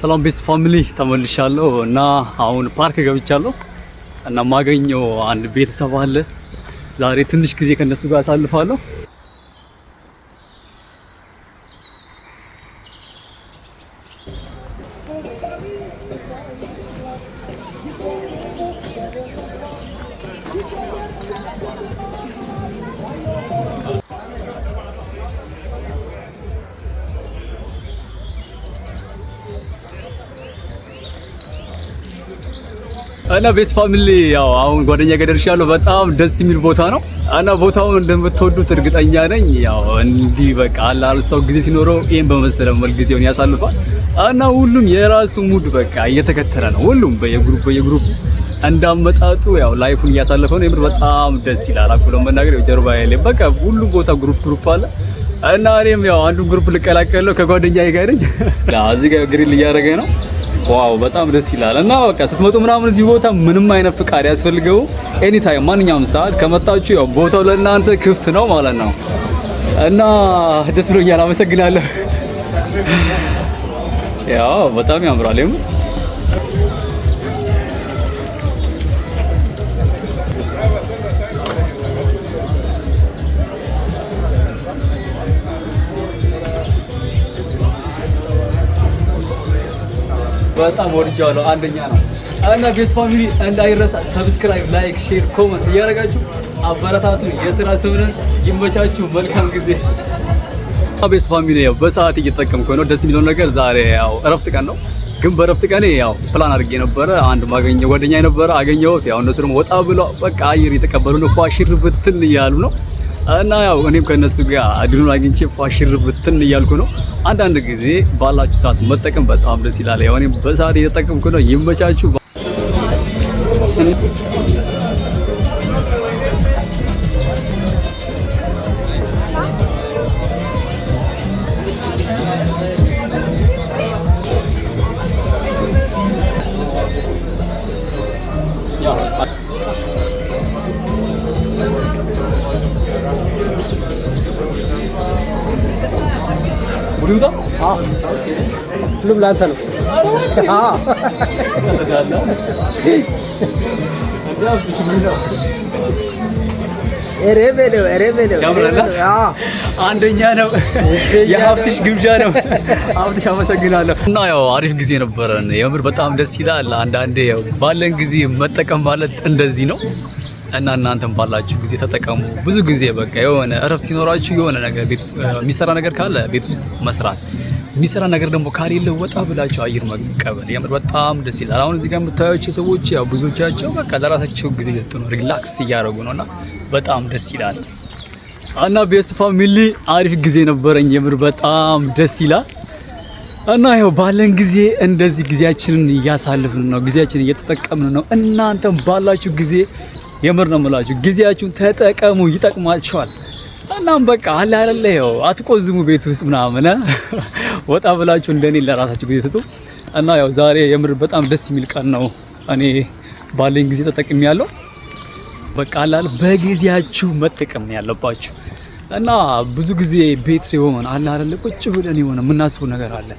ሰላም ቤስት ፋሚሊ ተመልሻለሁ እና አሁን ፓርክ ገብቻለሁ እና ማገኘው አንድ ቤተሰብ አለ። ዛሬ ትንሽ ጊዜ ከነሱ ጋር አሳልፋለሁ። እና ቤስት ፋሚሊ ያው አሁን ጓደኛ ጋር ደርሻለሁ። በጣም ደስ የሚል ቦታ ነው እና ቦታውን እንደምትወዱት እርግጠኛ ነኝ። ያው እንዲህ በቃ አላል ሰው ጊዜ ሲኖረው ይሄን በመሰለ መልክ ጊዜውን ያሳልፋል እና ሁሉም የራሱ ሙድ በቃ እየተከተለ ነው። ሁሉም በየግሩፕ በየግሩፕ እንዳመጣጡ ያው ላይፉን እያሳለፈ ነው። የምር በጣም ደስ ይላል። አኩሎ መናገር ጀርባ ያለ በቃ ሁሉም ቦታ ግሩፕ ግሩፕ አለ እና እኔም ያው አንዱ ግሩፕ ልቀላቀለው ከጓደኛዬ ጋር ነኝ። እዚህ ጋር ግሪል እያደረገ ነው ዋው በጣም ደስ ይላል። እና በቃ ስትመጡ ምናምን እዚህ ቦታ ምንም አይነት ፍቃድ ያስፈልገው ኤኒ ታይም ማንኛውም ሰዓት ከመጣችሁ ያው ቦታው ለእናንተ ክፍት ነው ማለት ነው። እና ደስ ብሎኛል፣ አመሰግናለሁ። ያው በጣም ያምራል። በጣም ወድጃለሁ። አንደኛ ነው እና ቤስት ፋሚሊ እንዳይረሳ ሰብስክራይብ፣ ላይክ፣ ሼር፣ ኮመንት እያደረጋችሁ አበረታቱ። የስራ ስምንን ይመቻችሁ። መልካም ጊዜ። ቤስት ፋሚሊ ያው በሰዓት እየተጠቀምኩ ነው። ደስ የሚለው ነገር ዛሬ ያው እረፍት ቀን ነው፣ ግን በረፍት ቀኔ ያው ፕላን አድርጌ ነበረ። አንድ ማገኘ ጓደኛ ነበረ አገኘሁት። ያው እነሱ ደግሞ ወጣ ብሎ በቃ አየር እየተቀበሉ ነው፣ ፏሽር ብትን እያሉ ነው እና ያው እኔም ከነሱ ጋር አድኑን አግኝቼ ፋሽር ብትን እያልኩ ነው። አንዳንድ ጊዜ ባላችሁ ሰዓት መጠቀም በጣም ደስ ይላል። ያው እኔም በሰዓት እየተጠቀምኩ ነው። ይመቻችሁ። ሁሉም ለአንተ ነው። አንደኛ ነው የሀብትሽ ግብዣ ነው። ሀብትሽ አመሰግናለሁ። እና ያው አሪፍ ጊዜ ነበረን። የምር በጣም ደስ ይላል። አንዳንዴ ባለን ጊዜ መጠቀም ማለት እንደዚህ ነው። እና እናንተም ባላችሁ ጊዜ ተጠቀሙ። ብዙ ጊዜ በቃ የሆነ እረፍት ሲኖራችሁ የሆነ ነገር ቤት ውስጥ የሚሰራ ነገር ካለ ቤት ውስጥ መስራት የሚሰራ ነገር ደግሞ ካሌለ ወጣ ብላችሁ አየር መቀበል የምር በጣም ደስ ይላል። አሁን እዚህ ጋር የምታዩቸው ሰዎች ያው ብዙዎቻቸው በቃ ለራሳቸው ጊዜ እየሰጡ ነው፣ ሪላክስ እያደረጉ ነው እና በጣም ደስ ይላል እና ቤስት ፋሚሊ አሪፍ ጊዜ ነበረኝ። የምር በጣም ደስ ይላል እና ይኸው ባለን ጊዜ እንደዚህ ጊዜያችንን እያሳልፍን ነው፣ ጊዜያችንን እየተጠቀምን ነው። እናንተም ባላችሁ ጊዜ የምር ነው የምላችሁ። ጊዜያችሁን ተጠቀሙ፣ ይጠቅማችኋል። እናም በቃ አለ አይደለ ይኸው አትቆዝሙ ቤት ውስጥ ምናምን ወጣ ብላችሁ እንደኔ ለራሳችሁ ጊዜ ስጡ እና ያው ዛሬ የምር በጣም ደስ የሚል ቀን ነው። እኔ ባለኝ ጊዜ ተጠቅሜ ያለው በቃ አለ በጊዜያችሁ መጠቀም ያለባችሁ እና ብዙ ጊዜ ቤት ሲሆን አለ አይደለ ቁጭ ብለን የሆነ የምናስበው ነገር አለ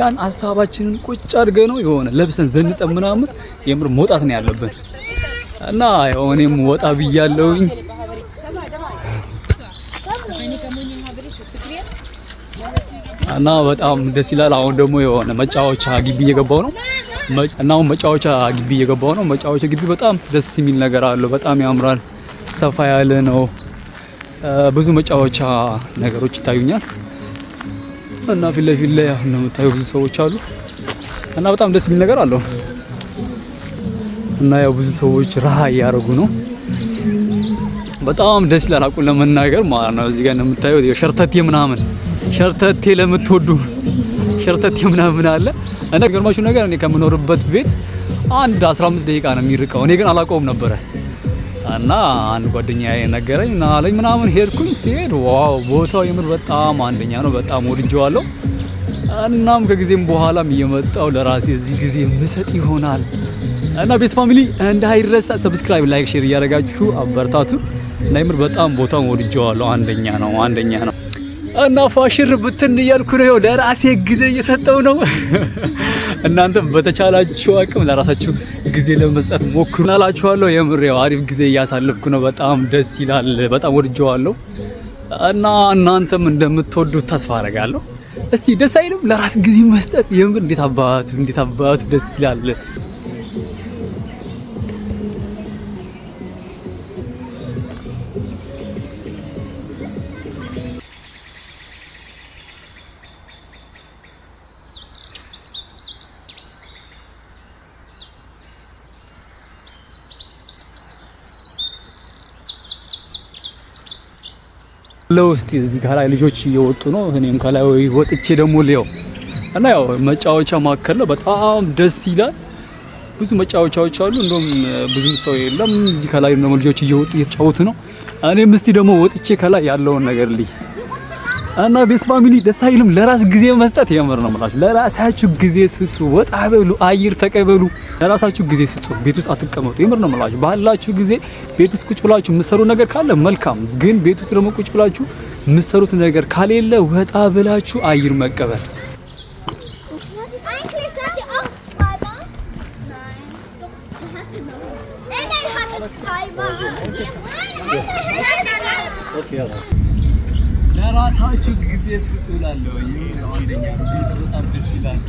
ያን ሀሳባችንን ቁጭ አድርገ ነው የሆነ ለብሰን ዘንጠን ምናምን የምር መውጣት ነው ያለብን። እና እኔም ወጣ ብያለሁኝ። እና በጣም ደስ ይላል። አሁን ደግሞ የሆነ መጫወቻ ግቢ እየገባው ነው እና አሁን መጫወቻ ግቢ እየገባው ነው። መጫወቻ ግቢ በጣም ደስ የሚል ነገር አለው። በጣም ያምራል። ሰፋ ያለ ነው። ብዙ መጫወቻ ነገሮች ይታዩኛል እና ፊት ለፊት ላይ አሁን ብዙ ሰዎች አሉ እና በጣም ደስ የሚል ነገር አለው። እና ያው ብዙ ሰዎች ረሃ እያደረጉ ነው። በጣም ደስ ይላል። አቁን ለመናገር ማለት ነው። እዚህ ጋር እንደምታዩት ሸርተቴ ምናምን ሸርተቴ ለምትወዱ ሸርተቴ ምናምን አለ እና ገርማችሁ ነገር እኔ ከምኖርበት ቤት አንድ 15 ደቂቃ ነው የሚርቀው። እኔ ግን አላውቀውም ነበረ እና አንድ ጓደኛ ነገረኝ እና አለኝ ምናምን ሄድኩኝ። ሲሄድ ዋው ቦታው የምር በጣም አንደኛ ነው። በጣም ወድጀዋለሁ። እናም ከጊዜም በኋላም እየመጣው ለራሴ እዚህ ጊዜ ምሰጥ ይሆናል እና ቤስ ፋሚሊ እንዳይረሳ ሰብስክራይብ፣ ላይክ፣ ሼር እያደረጋችሁ አበርታቱ እና የምር በጣም ቦታውን ወድጀዋለሁ። አንደኛ ነው አንደኛ ነው እና ፋሽር ብትን እያልኩ ነው። ለራሴ ጊዜ እየሰጠው ነው። እናንተም በተቻላችሁ አቅም ለራሳችሁ ጊዜ ለመስጠት ሞክሩ እላችኋለሁ። የምር ያው አሪፍ ጊዜ እያሳለፍኩ ነው። በጣም ደስ ይላል። በጣም ወድጀዋለሁ እና እናንተም እንደምትወዱት ተስፋ አደርጋለሁ። እስቲ ደስ አይልም? ለራስ ጊዜ መስጠት የምር እንዴት አባቱ እንዴት አባቱ ደስ ይላል። ለው እስቲ እዚህ ከላይ ልጆች እየወጡ ነው። እኔም ከላይ ወጥቼ ደግሞ ሊያው እና ያው መጫወቻ ማዕከል ነው። በጣም ደስ ይላል። ብዙ መጫወቻዎች አሉ። እንደውም ብዙ ሰው የለም። እዚህ ከላይ ደግሞ ልጆች እየወጡ እየተጫወቱ ነው። እኔም እስቲ ደግሞ ወጥቼ ከላይ ያለውን ነገር ልይ እና ቤስ ፋሚሊ ደስ አይልም። ለራስ ጊዜ መስጠት የምር ነው የምላችሁ። ለራሳችሁ ጊዜ ስጡ፣ ወጣ በሉ፣ አየር ተቀበሉ። ለራሳችሁ ጊዜ ስጡ፣ ቤት ውስጥ አትቀመጡ። የምር ነው የምላችሁ። ባላችሁ ጊዜ ቤት ውስጥ ቁጭ ብላችሁ የምትሰሩ ነገር ካለ መልካም፣ ግን ቤት ውስጥ ደግሞ ቁጭ ብላችሁ የምትሰሩት ነገር ካሌለ ወጣ ብላችሁ አየር መቀበል ለራሳችሁ ጊዜ ስጡ ይህ ነው አንደኛ። በጣም ደስ ይላል።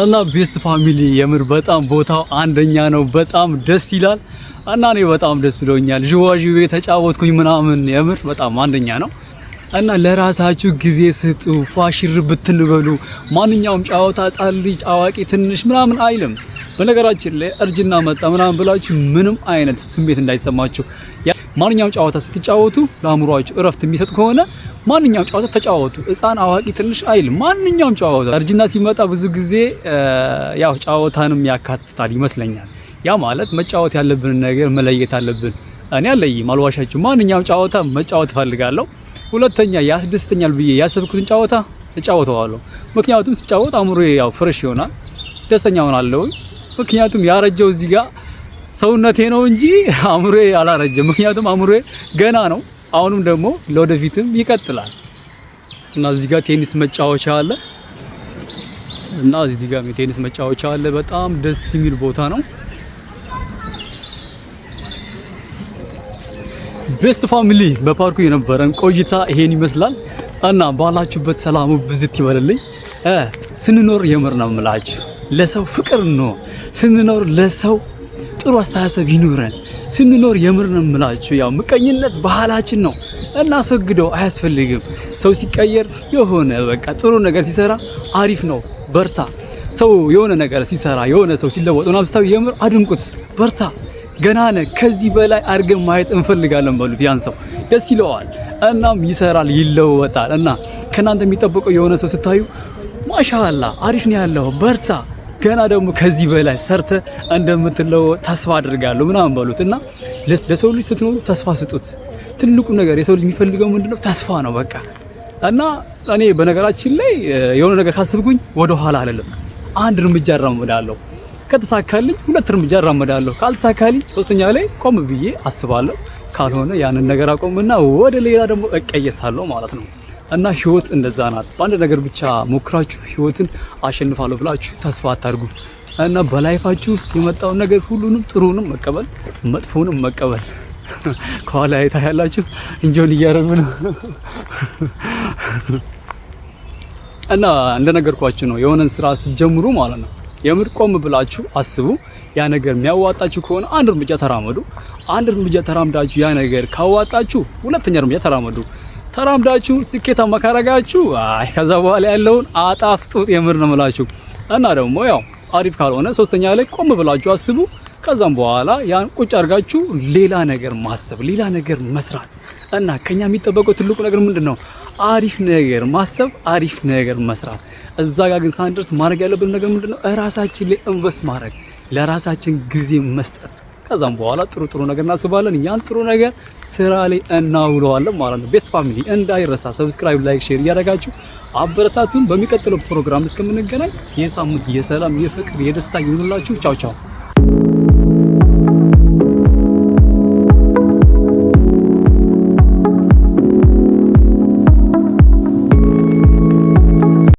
እና ቤስት ፋሚሊ የምር በጣም ቦታው አንደኛ ነው። በጣም ደስ ይላል። እና እኔ በጣም ደስ ብሎኛል። ዥዋዥዌ ተጫወትኩኝ ምናምን የምር በጣም አንደኛ ነው። እና ለራሳችሁ ጊዜ ስጡ፣ ፏሽር ብትን ማንኛውም ጨዋታ ሕፃን ልጅ አዋቂ፣ ትንሽ ምናምን አይልም። በነገራችን ላይ እርጅና መጣ ምናምን ብላችሁ ምንም አይነት ስሜት እንዳይሰማችሁ። ማንኛውም ጫወታ ስትጫወቱ ለአእምሯችሁ እረፍት የሚሰጥ ከሆነ ማንኛውም ጫወታ ተጫወቱ። ሕፃን አዋቂ፣ ትንሽ አይል ማንኛውም ጫወታ እርጅና ሲመጣ ብዙ ጊዜ ያው ጫወታንም ያካትታል ይመስለኛል። ያ ማለት መጫወት ያለብን ነገር መለየት አለብን። እኔ አለይም አልዋሻችሁ፣ ማንኛውም ጨዋታ መጫወት እፈልጋለሁ። ሁለተኛ ያስደስተኛል ብዬ ያሰብኩትን ጨዋታ እጫወተዋለሁ። ምክንያቱም ስጫወት አእምሮ ያው ፍሬሽ ይሆናል፣ ደስተኛ ሆናለሁ። ምክንያቱም ያረጀው እዚህ ጋር ሰውነቴ ነው እንጂ አእምሮ አላረጀም ምክንያቱም አእምሮ ገና ነው፣ አሁንም ደግሞ ለወደፊትም ይቀጥላል እና እዚህ ጋር ቴኒስ መጫወቻ አለ እና እዚህ ጋር ቴኒስ መጫወቻ አለ። በጣም ደስ የሚል ቦታ ነው። ቤስት ፋሚሊ በፓርኩ የነበረን ቆይታ ይሄን ይመስላል እና ባላችሁበት ሰላሙ ብዝት ይበልልኝ። ስንኖር የምር ነው የምላችሁ ለሰው ፍቅር ነው ስንኖር ለሰው ጥሩ አስተሳሰብ ይኑረን ስንኖር የምር ነው የምላችሁ። ያው ምቀኝነት ባህላችን ነው እናስወግደው፣ አያስፈልግም። ሰው ሲቀየር የሆነ በቃ ጥሩ ነገር ሲሰራ አሪፍ ነው፣ በርታ። ሰው የሆነ ነገር ሲሰራ የሆነ ሰው ሲለወጥ ምናምን ስታዩ የምር አድንቁት፣ በርታ ገና ነህ፣ ከዚህ በላይ አድርገን ማየት እንፈልጋለን በሉት። ያን ሰው ደስ ይለዋል። እናም ይሰራል፣ ይለወጣል። እና ከእናንተ የሚጠበቀው የሆነ ሰው ስታዩ ማሻላ አሪፍ ነው ያለው፣ በርታ፣ ገና ደግሞ ከዚህ በላይ ሰርተ እንደምትለወጥ ተስፋ አድርጋለሁ ምናምን በሉት እና ለሰው ልጅ ስትኖሩ ተስፋ ስጡት። ትልቁ ነገር የሰው ልጅ የሚፈልገው ምንድነው? ተስፋ ነው በቃ። እና እኔ በነገራችን ላይ የሆነ ነገር ካስብኩኝ ወደ ኋላ አልልም፣ አንድ እርምጃ እራመዳለሁ። ከተሳካልኝ ሁለት እርምጃ እራመዳለሁ፣ ካልተሳካልኝ ሶስተኛ ላይ ቆም ብዬ አስባለሁ። ካልሆነ ያንን ነገር አቆምና ወደ ሌላ ደግሞ እቀየሳለሁ ማለት ነው። እና ህይወት እንደዛ ናት። በአንድ ነገር ብቻ ሞክራችሁ ህይወትን አሸንፋለሁ ብላችሁ ተስፋ አታድርጉ። እና በላይፋችሁ ውስጥ የመጣውን ነገር ሁሉንም ጥሩንም መቀበል፣ መጥፎንም መቀበል። ከኋላ አይታ ያላችሁ እንጆን እያረግ ነው። እና እንደነገርኳችሁ ነው የሆነን ስራ ስትጀምሩ ማለት ነው የምር ቆም ብላችሁ አስቡ። ያ ነገር የሚያዋጣችሁ ከሆነ አንድ እርምጃ ተራመዱ። አንድ እርምጃ ተራምዳችሁ ያ ነገር ካዋጣችሁ ሁለተኛ እርምጃ ተራመዱ። ተራምዳችሁ ስኬታማ ካረጋችሁ አይ ከዛ በኋላ ያለውን አጣፍጡት። የምር ነው የምላችሁ። እና ደግሞ ያው አሪፍ ካልሆነ ሶስተኛ ላይ ቆም ብላችሁ አስቡ። ከዛም በኋላ ያን ቁጭ አድርጋችሁ ሌላ ነገር ማሰብ፣ ሌላ ነገር መስራት እና ከኛ የሚጠበቀው ትልቁ ነገር ምንድን ነው? አሪፍ ነገር ማሰብ፣ አሪፍ ነገር መስራት እዛ ጋር ግን ሳንደርስ ማድረግ ያለብን ነገር ምንድነው? እራሳችን ላይ ኢንቨስት ማድረግ፣ ለራሳችን ጊዜ መስጠት። ከዛም በኋላ ጥሩ ጥሩ ነገር እናስባለን። ያን ጥሩ ነገር ስራ ላይ እናውለዋለን ማለት ነው። ቤስት ፋሚሊ እንዳይረሳ፣ ሰብስክራይብ፣ ላይክ፣ ሼር እያደረጋችሁ አበረታቱን። በሚቀጥለው ፕሮግራም እስከምንገናኝ የሳምንት የሰላም የፍቅር የደስታ ይሁንላችሁ። ቻው ቻው።